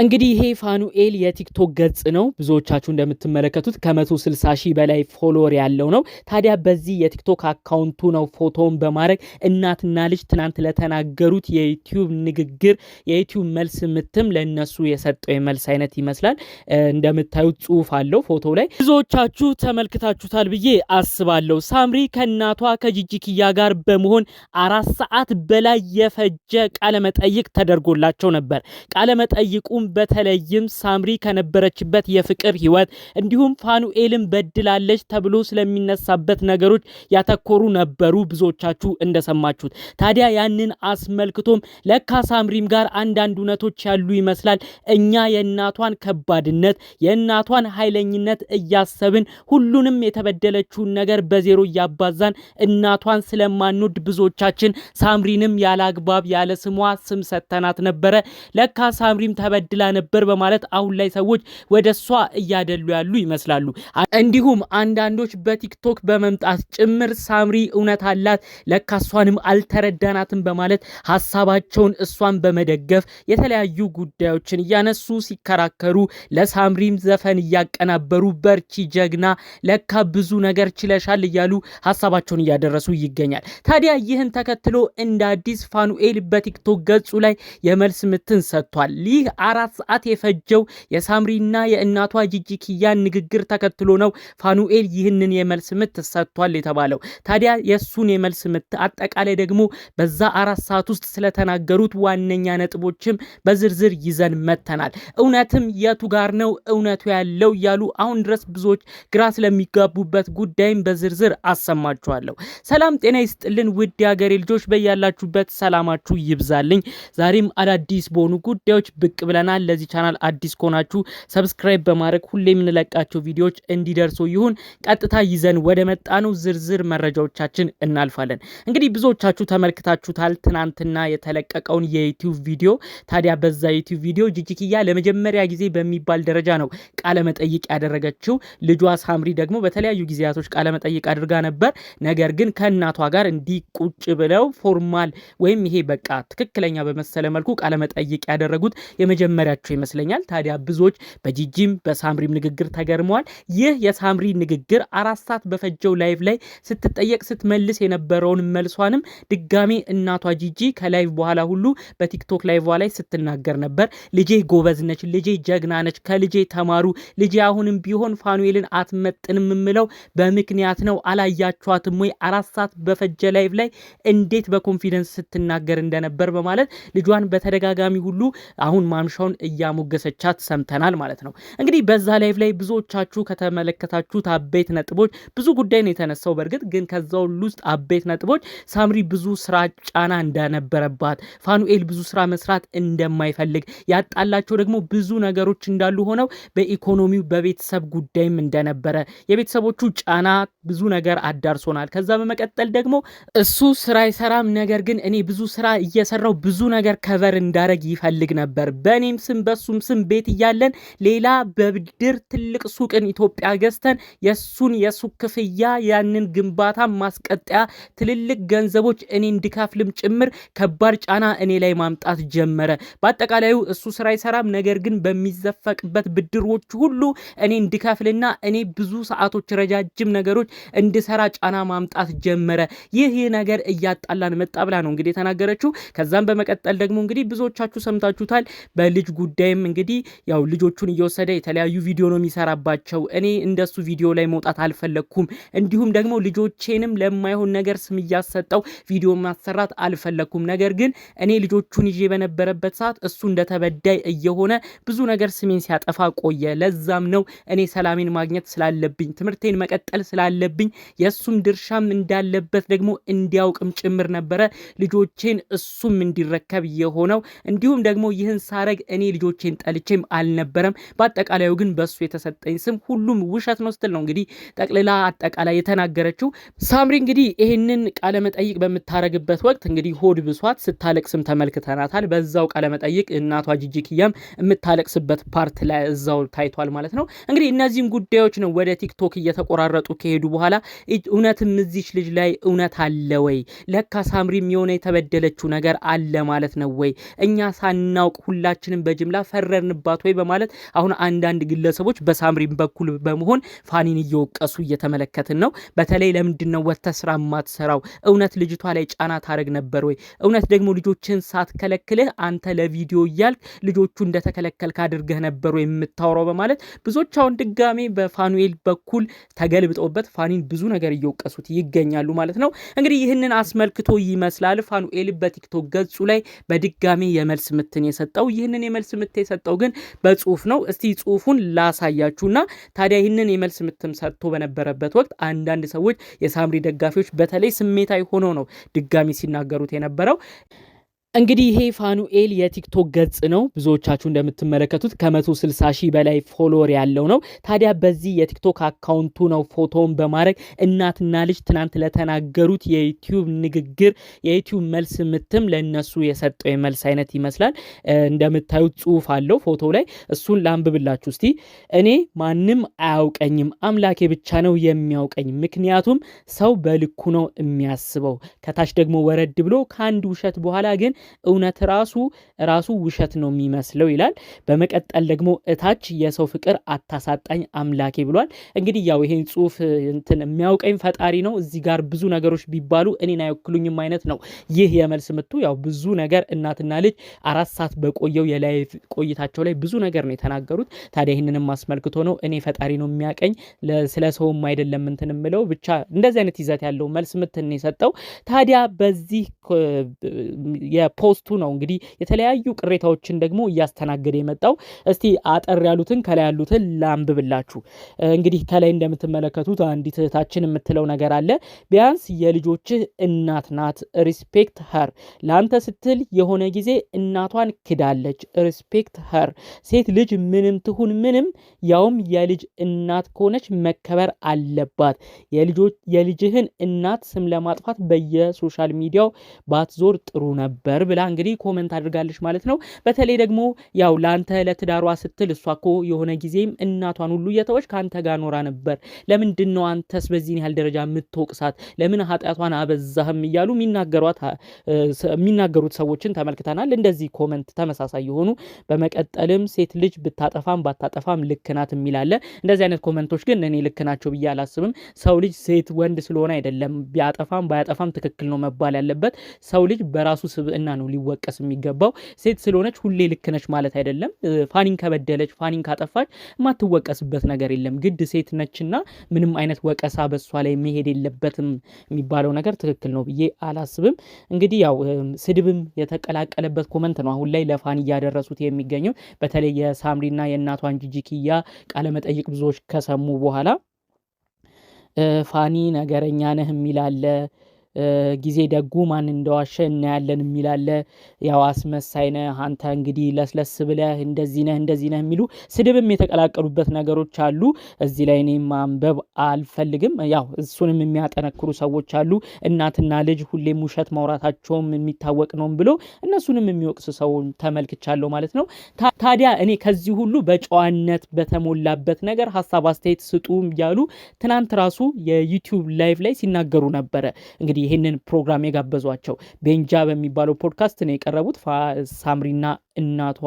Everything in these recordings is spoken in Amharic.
እንግዲህ ይሄ ፋኑኤል የቲክቶክ ገጽ ነው። ብዙዎቻችሁ እንደምትመለከቱት ከ160 ሺህ በላይ ፎሎወር ያለው ነው። ታዲያ በዚህ የቲክቶክ አካውንቱ ነው ፎቶውን በማድረግ እናትና ልጅ ትናንት ለተናገሩት የዩቲዩብ ንግግር የዩቲዩብ መልስ ምትም ለእነሱ የሰጠው የመልስ አይነት ይመስላል። እንደምታዩት ጽሁፍ አለው ፎቶው ላይ ብዙዎቻችሁ ተመልክታችሁታል ብዬ አስባለሁ። ሳምሪ ከእናቷ ከጂጂክያ ጋር በመሆን አራት ሰዓት በላይ የፈጀ ቃለመጠይቅ ተደርጎላቸው ነበር። ቃለመጠይቁም በተለይም ሳምሪ ከነበረችበት የፍቅር ህይወት እንዲሁም ፋኑኤልን በድላለች ተብሎ ስለሚነሳበት ነገሮች ያተኮሩ ነበሩ። ብዙዎቻችሁ እንደሰማችሁት ታዲያ ያንን አስመልክቶም ለካ ሳምሪም ጋር አንዳንድ እውነቶች ያሉ ይመስላል። እኛ የእናቷን ከባድነት የእናቷን ኃይለኝነት እያሰብን ሁሉንም የተበደለችውን ነገር በዜሮ እያባዛን እናቷን ስለማንወድ ብዙዎቻችን ሳምሪንም ያለ አግባብ ያለ ስሟ ስም ሰጥተናት ነበረ። ለካ ሳምሪም ተበድ ገድላ ነበር በማለት አሁን ላይ ሰዎች ወደ እሷ እያደሉ ያሉ ይመስላሉ። እንዲሁም አንዳንዶች በቲክቶክ በመምጣት ጭምር ሳምሪ እውነት አላት ለካ እሷንም አልተረዳናትም በማለት ሀሳባቸውን እሷን በመደገፍ የተለያዩ ጉዳዮችን እያነሱ ሲከራከሩ፣ ለሳምሪም ዘፈን እያቀናበሩ በርቺ ጀግና ለካ ብዙ ነገር ችለሻል እያሉ ሀሳባቸውን እያደረሱ ይገኛል። ታዲያ ይህን ተከትሎ እንደ አዲስ ፋኑኤል በቲክቶክ ገጹ ላይ የመልስ ምትን ሰጥቷል። ይህ አራት አራት ሰዓት የፈጀው የሳምሪና የእናቷ ጅጅኪያ ንግግር ተከትሎ ነው ፋኑኤል ይህንን የመልስ ምት ሰጥቷል የተባለው። ታዲያ የእሱን የመልስ ምት አጠቃላይ ደግሞ በዛ አራት ሰዓት ውስጥ ስለተናገሩት ዋነኛ ነጥቦችም በዝርዝር ይዘን መተናል። እውነትም የቱ ጋር ነው እውነቱ ያለው እያሉ አሁን ድረስ ብዙዎች ግራ ስለሚጋቡበት ጉዳይም በዝርዝር አሰማችኋለሁ። ሰላም ጤና ይስጥልን ውድ የሀገሬ ልጆች፣ በያላችሁበት ሰላማችሁ ይብዛልኝ። ዛሬም አዳዲስ በሆኑ ጉዳዮች ብቅ ብለናል። ቻናል። ለዚህ ቻናል አዲስ ከሆናችሁ ሰብስክራይብ በማድረግ ሁሌ የምንለቃቸው ቪዲዮዎች እንዲደርሱ ይሁን። ቀጥታ ይዘን ወደ መጣነው ዝርዝር መረጃዎቻችን እናልፋለን። እንግዲህ ብዙዎቻችሁ ተመልክታችሁታል ትናንትና የተለቀቀውን የዩቲዩብ ቪዲዮ። ታዲያ በዛ ዩቲዩብ ቪዲዮ ጂጂኪያ ለመጀመሪያ ጊዜ በሚባል ደረጃ ነው ቃለመጠይቅ ያደረገችው። ልጇ ሳምሪ ደግሞ በተለያዩ ጊዜያቶች ቃለመጠይቅ አድርጋ ነበር። ነገር ግን ከእናቷ ጋር እንዲህ ቁጭ ብለው ፎርማል ወይም ይሄ በቃ ትክክለኛ በመሰለ መልኩ ቃለመጠይቅ ያደረጉት የመጀመ የመጀመሪያቸው ይመስለኛል። ታዲያ ብዙዎች በጂጂም በሳምሪም ንግግር ተገርመዋል። ይህ የሳምሪ ንግግር አራት ሰዓት በፈጀው ላይቭ ላይ ስትጠየቅ ስትመልስ የነበረውን መልሷንም ድጋሜ እናቷ ጂጂ ከላይቭ በኋላ ሁሉ በቲክቶክ ላይቭ ላይ ስትናገር ነበር። ልጄ ጎበዝ ነች፣ ልጄ ጀግና ነች፣ ከልጄ ተማሩ፣ ልጄ አሁንም ቢሆን ፋኑኤልን አትመጥንም የምለው በምክንያት ነው። አላያችኋትም ወይ አራት ሰዓት በፈጀ ላይቭ ላይ እንዴት በኮንፊደንስ ስትናገር እንደነበር በማለት ልጇን በተደጋጋሚ ሁሉ አሁን ማምሻው ሁኔታውን እያሞገሰቻት ሰምተናል ማለት ነው። እንግዲህ በዛ ላይቭ ላይ ብዙዎቻችሁ ከተመለከታችሁት አበይት ነጥቦች ብዙ ጉዳይ ነው የተነሳው። በእርግጥ ግን ከዛ ሁሉ ውስጥ አበይት ነጥቦች ሳምሪ ብዙ ስራ ጫና እንደነበረባት፣ ፋኑኤል ብዙ ስራ መስራት እንደማይፈልግ፣ ያጣላቸው ደግሞ ብዙ ነገሮች እንዳሉ ሆነው በኢኮኖሚው በቤተሰብ ጉዳይም እንደነበረ የቤተሰቦቹ ጫና ብዙ ነገር አዳርሶናል። ከዛ በመቀጠል ደግሞ እሱ ስራ አይሰራም፣ ነገር ግን እኔ ብዙ ስራ እየሰራው ብዙ ነገር ከቨር እንዳረግ ይፈልግ ነበር በእኔም በእኔም ስም በሱም ስም ቤት እያለን ሌላ በብድር ትልቅ ሱቅን ኢትዮጵያ ገዝተን የሱን የሱቅ ክፍያ ያንን ግንባታ ማስቀጠያ ትልልቅ ገንዘቦች እኔ እንድከፍልም ጭምር ከባድ ጫና እኔ ላይ ማምጣት ጀመረ። በአጠቃላዩ እሱ ስራ አይሰራም፣ ነገር ግን በሚዘፈቅበት ብድሮች ሁሉ እኔ እንድከፍልና እኔ ብዙ ሰዓቶች ረጃጅም ነገሮች እንድሰራ ጫና ማምጣት ጀመረ። ይህ ይህ ነገር እያጣላን መጣ ብላ ነው እንግዲህ የተናገረችው። ከዛም በመቀጠል ደግሞ እንግዲህ ብዙዎቻችሁ ሰምታችሁታል በልጅ ልጅ ጉዳይም እንግዲህ ያው ልጆቹን እየወሰደ የተለያዩ ቪዲዮ ነው የሚሰራባቸው። እኔ እንደሱ ቪዲዮ ላይ መውጣት አልፈለግኩም። እንዲሁም ደግሞ ልጆቼንም ለማይሆን ነገር ስም እያሰጠው ቪዲዮ ማሰራት አልፈለግኩም። ነገር ግን እኔ ልጆቹን ይዤ በነበረበት ሰዓት እሱ እንደተበዳይ እየሆነ ብዙ ነገር ስሜን ሲያጠፋ ቆየ። ለዛም ነው እኔ ሰላሜን ማግኘት ስላለብኝ፣ ትምህርቴን መቀጠል ስላለብኝ የእሱም ድርሻም እንዳለበት ደግሞ እንዲያውቅም ጭምር ነበረ ልጆቼን እሱም እንዲረከብ የሆነው እንዲሁም ደግሞ ይህን ሳረግ እኔ ልጆቼን ጠልቼም አልነበረም፣ በአጠቃላዩ ግን በእሱ የተሰጠኝ ስም ሁሉም ውሸት ነው ስትል ነው እንግዲህ ጠቅልላ አጠቃላይ የተናገረችው። ሳምሪ እንግዲህ ይህንን ቃለመጠይቅ በምታረግበት ወቅት እንግዲህ ሆድ ብሷት ስታለቅስም ተመልክተናታል። በዛው ቃለመጠይቅ እናቷ ጂጂክያም የምታለቅስበት ፓርት ላይ እዛው ታይቷል ማለት ነው። እንግዲህ እነዚህም ጉዳዮች ነው ወደ ቲክቶክ እየተቆራረጡ ከሄዱ በኋላ እውነትም እዚች ልጅ ላይ እውነት አለ ወይ? ለካ ሳምሪም የሆነ የተበደለችው ነገር አለ ማለት ነው ወይ? እኛ ሳናውቅ ሁላችንም በጅምላ ፈረንባት ወይ በማለት አሁን አንዳንድ ግለሰቦች በሳምሪን በኩል በመሆን ፋኒን እየወቀሱ እየተመለከትን ነው። በተለይ ለምንድን ነው ስራ የማትሰራው? እውነት ልጅቷ ላይ ጫና ታደረግ ነበር ወይ? እውነት ደግሞ ልጆችን ሳትከለክልህ አንተ ለቪዲዮ እያልክ ልጆቹ እንደተከለከልክ አድርገህ ወይ የምታወራው በማለት ብዙዎች አሁን ድጋሜ በፋኑኤል በኩል ተገልብጠውበት ፋኒን ብዙ ነገር እየወቀሱት ይገኛሉ ማለት ነው። እንግዲህ ይህንን አስመልክቶ ይመስላል ፋኑኤል በቲክቶክ ገጹ ላይ በድጋሜ የመልስ ምትን የሰጠው ይህንን መልስ ምት የሰጠው ግን በጽሁፍ ነው። እስቲ ጽሁፉን ላሳያችሁና ታዲያ ይህንን የመልስ ምትም ሰጥቶ በነበረበት ወቅት አንዳንድ ሰዎች የሳምሪ ደጋፊዎች በተለይ ስሜታዊ ሆነው ነው ድጋሚ ሲናገሩት የነበረው። እንግዲህ ይሄ ፋኑኤል የቲክቶክ ገጽ ነው። ብዙዎቻችሁ እንደምትመለከቱት ከ160 ሺህ በላይ ፎሎወር ያለው ነው። ታዲያ በዚህ የቲክቶክ አካውንቱ ነው ፎቶውን በማድረግ እናትና ልጅ ትናንት ለተናገሩት የዩቲዩብ ንግግር የዩቲዩብ መልስ ምትም ለእነሱ የሰጠው የመልስ አይነት ይመስላል። እንደምታዩት ጽሁፍ አለው ፎቶው ላይ እሱን ላንብብላችሁ እስቲ። እኔ ማንም አያውቀኝም፣ አምላኬ ብቻ ነው የሚያውቀኝ። ምክንያቱም ሰው በልኩ ነው የሚያስበው። ከታች ደግሞ ወረድ ብሎ ከአንድ ውሸት በኋላ ግን እውነት ራሱ ራሱ ውሸት ነው የሚመስለው ይላል። በመቀጠል ደግሞ እታች የሰው ፍቅር አታሳጣኝ አምላኬ ብሏል። እንግዲህ ያው ይሄን ጽሁፍ እንትን የሚያውቀኝ ፈጣሪ ነው። እዚህ ጋር ብዙ ነገሮች ቢባሉ እኔን አይወክሉኝም አይነት ነው ይህ የመልስ ምቱ። ያው ብዙ ነገር እናትና ልጅ አራት ሰዓት በቆየው የላይ ቆይታቸው ላይ ብዙ ነገር ነው የተናገሩት። ታዲያ ይህንንም አስመልክቶ ነው እኔ ፈጣሪ ነው የሚያቀኝ ስለ ሰውም አይደለም እንትን ምለው ብቻ እንደዚህ አይነት ይዘት ያለው መልስ ምትን የሰጠው ታዲያ በዚህ ከፖስቱ ነው እንግዲህ የተለያዩ ቅሬታዎችን ደግሞ እያስተናገደ የመጣው። እስቲ አጠር ያሉትን ከላይ ያሉትን ላንብብላችሁ። እንግዲህ ከላይ እንደምትመለከቱት አንዲት እህታችን የምትለው ነገር አለ። ቢያንስ የልጆችህ እናት ናት፣ ሪስፔክት ሀር። ለአንተ ስትል የሆነ ጊዜ እናቷን ክዳለች፣ ሪስፔክት ሀር። ሴት ልጅ ምንም ትሁን ምንም፣ ያውም የልጅ እናት ከሆነች መከበር አለባት። የልጅህን እናት ስም ለማጥፋት በየሶሻል ሚዲያው ባትዞር ጥሩ ነበር ነበር ብላ እንግዲህ ኮመንት አድርጋለች ማለት ነው። በተለይ ደግሞ ያው ለአንተ ለትዳሯ ስትል እሷ እኮ የሆነ ጊዜም እናቷን ሁሉ እየተወች ከአንተ ጋር ኖራ ነበር። ለምንድን ነው አንተስ በዚህን ያህል ደረጃ የምትወቅሳት? ለምን ኃጢአቷን አበዛህም? እያሉ የሚናገሩት ሰዎችን ተመልክተናል። እንደዚህ ኮመንት ተመሳሳይ የሆኑ በመቀጠልም ሴት ልጅ ብታጠፋም ባታጠፋም ልክናት የሚላለ እንደዚህ አይነት ኮመንቶች ግን እኔ ልክ ናቸው ብዬ አላስብም። ሰው ልጅ ሴት ወንድ ስለሆነ አይደለም ቢያጠፋም ባያጠፋም ትክክል ነው መባል ያለበት ሰው ልጅ በራሱ ስብዕና በንጽህና ነው ሊወቀስ የሚገባው። ሴት ስለሆነች ሁሌ ልክ ነች ማለት አይደለም። ፋኒን ከበደለች፣ ፋኒን ካጠፋች የማትወቀስበት ነገር የለም። ግድ ሴት ነችና ምንም አይነት ወቀሳ በሷ ላይ መሄድ የለበትም የሚባለው ነገር ትክክል ነው ብዬ አላስብም። እንግዲህ ያው ስድብም የተቀላቀለበት ኮመንት ነው አሁን ላይ ለፋኒ እያደረሱት የሚገኘው በተለይ የሳምሪና የእናቷን ጂጂኪያ ቃለመጠይቅ ብዙዎች ከሰሙ በኋላ ፋኒ ነገረኛ ነህ የሚላለ ጊዜ ደጉ ማን እንደዋሸ እናያለን የሚላለ ያው አስመሳይ ነህ አንተ እንግዲህ ለስለስ ብለህ እንደዚህ ነህ እንደዚህ ነህ የሚሉ ስድብም የተቀላቀሉበት ነገሮች አሉ። እዚህ ላይ እኔ ማንበብ አልፈልግም። ያው እሱንም የሚያጠነክሩ ሰዎች አሉ። እናትና ልጅ ሁሌም ውሸት ማውራታቸውም የሚታወቅ ነው ብሎ እነሱንም የሚወቅስ ሰው ተመልክቻለሁ ማለት ነው። ታዲያ እኔ ከዚህ ሁሉ በጨዋነት በተሞላበት ነገር ሀሳብ አስተያየት ስጡ እያሉ ትናንት ራሱ የዩቲዩብ ላይቭ ላይ ሲናገሩ ነበረ እንግዲህ ይህንን ፕሮግራም የጋበዟቸው ቤንጃ በሚባለው ፖድካስት ነው የቀረቡት። ሳምሪና እናቷ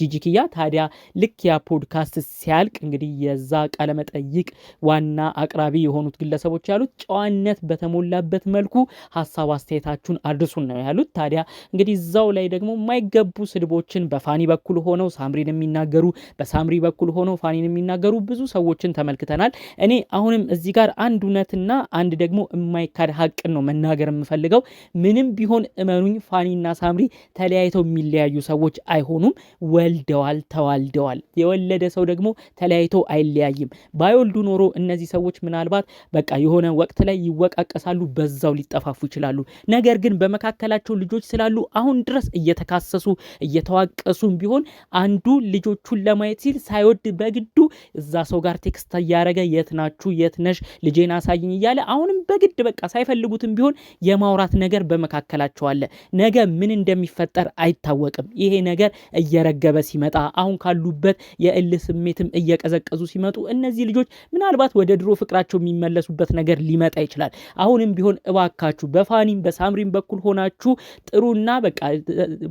ጂጂክያ። ታዲያ ልክ ያ ፖድካስት ሲያልቅ እንግዲህ የዛ ቃለመጠይቅ ዋና አቅራቢ የሆኑት ግለሰቦች ያሉት ጨዋነት በተሞላበት መልኩ ሀሳብ አስተያየታችሁን አድርሱን ነው ያሉት። ታዲያ እንግዲህ እዛው ላይ ደግሞ የማይገቡ ስድቦችን በፋኒ በኩል ሆነው ሳምሪን የሚናገሩ በሳምሪ በኩል ሆነው ፋኒን የሚናገሩ ብዙ ሰዎችን ተመልክተናል። እኔ አሁንም እዚህ ጋር አንድ እውነትና አንድ ደግሞ የማይካድ ሀቅን ነው መናገር የምፈልገው። ምንም ቢሆን እመኑኝ ፋኒና ሳምሪ ተለያይተው የሚለያዩ ሰዎች አይሆኑም፣ ወልደዋል፣ ተዋልደዋል። የወለደ ሰው ደግሞ ተለያይቶ አይለያይም። ባይወልዱ ኖሮ እነዚህ ሰዎች ምናልባት በቃ የሆነ ወቅት ላይ ይወቃቀሳሉ፣ በዛው ሊጠፋፉ ይችላሉ። ነገር ግን በመካከላቸው ልጆች ስላሉ አሁን ድረስ እየተካሰሱ እየተዋቀሱም ቢሆን አንዱ ልጆቹን ለማየት ሲል ሳይወድ በግዱ እዛ ሰው ጋር ቴክስት እያደረገ የት ናችሁ፣ የት ነሽ፣ ልጄን አሳይኝ እያለ አሁንም በግድ በቃ ሳይፈልጉትም ቢሆን የማውራት ነገር በመካከላቸው አለ። ነገ ምን እንደሚፈጠር አይታወቅም። ይሄ ነገር ነገር እየረገበ ሲመጣ አሁን ካሉበት የእልህ ስሜትም እየቀዘቀዙ ሲመጡ እነዚህ ልጆች ምናልባት ወደ ድሮ ፍቅራቸው የሚመለሱበት ነገር ሊመጣ ይችላል። አሁንም ቢሆን እባካችሁ በፋኒም በሳምሪም በኩል ሆናችሁ ጥሩና በቃ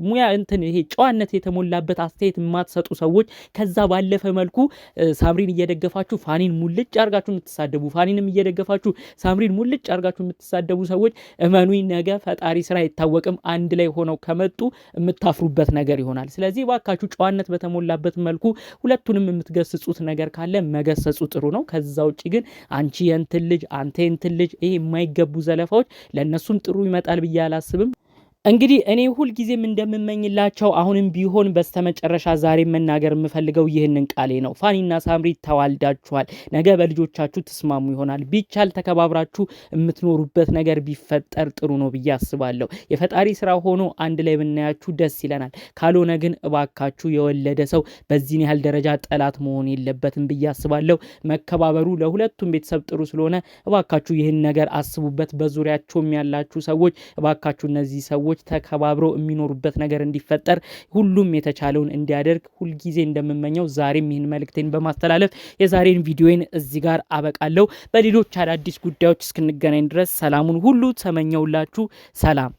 ሙያ እንትን ይሄ ጨዋነት የተሞላበት አስተያየት የማትሰጡ ሰዎች ከዛ ባለፈ መልኩ ሳምሪን እየደገፋችሁ ፋኒን ሙልጭ አርጋችሁ የምትሳደቡ ፋኒንም እየደገፋችሁ ሳምሪን ሙልጭ አርጋችሁ የምትሳደቡ ሰዎች እመኑኝ ነገ ፈጣሪ ስራ አይታወቅም። አንድ ላይ ሆነው ከመጡ የምታፍሩበት ነገር ይሆናል። ይሆናል። ስለዚህ እባካችሁ ጨዋነት በተሞላበት መልኩ ሁለቱንም የምትገስጹት ነገር ካለ መገሰጹ ጥሩ ነው። ከዛ ውጭ ግን አንቺ የንትን ልጅ አንተ ልጅ ይሄ የማይገቡ ዘለፋዎች ለእነሱም ጥሩ ይመጣል ብዬ አላስብም። እንግዲህ እኔ ሁልጊዜም እንደምመኝላቸው አሁንም ቢሆን በስተመጨረሻ ዛሬ መናገር የምፈልገው ይህንን ቃሌ ነው። ፋኒና ሳምሪ ተዋልዳችኋል። ነገ በልጆቻችሁ ትስማሙ ይሆናል። ቢቻል ተከባብራችሁ የምትኖሩበት ነገር ቢፈጠር ጥሩ ነው ብዬ አስባለሁ። የፈጣሪ ስራ ሆኖ አንድ ላይ ብናያችሁ ደስ ይለናል። ካልሆነ ግን እባካችሁ የወለደ ሰው በዚህን ያህል ደረጃ ጠላት መሆን የለበትም ብዬ አስባለሁ። መከባበሩ ለሁለቱም ቤተሰብ ጥሩ ስለሆነ እባካችሁ ይህን ነገር አስቡበት። በዙሪያቸውም ያላችሁ ሰዎች እባካችሁ እነዚህ ሰዎች ሰዎች ተከባብረው የሚኖሩበት ነገር እንዲፈጠር ሁሉም የተቻለውን እንዲያደርግ ሁልጊዜ እንደምመኘው ዛሬም ይህን መልእክቴን በማስተላለፍ የዛሬን ቪዲዮን እዚህ ጋር አበቃለሁ። በሌሎች አዳዲስ ጉዳዮች እስክንገናኝ ድረስ ሰላሙን ሁሉ ተመኘውላችሁ። ሰላም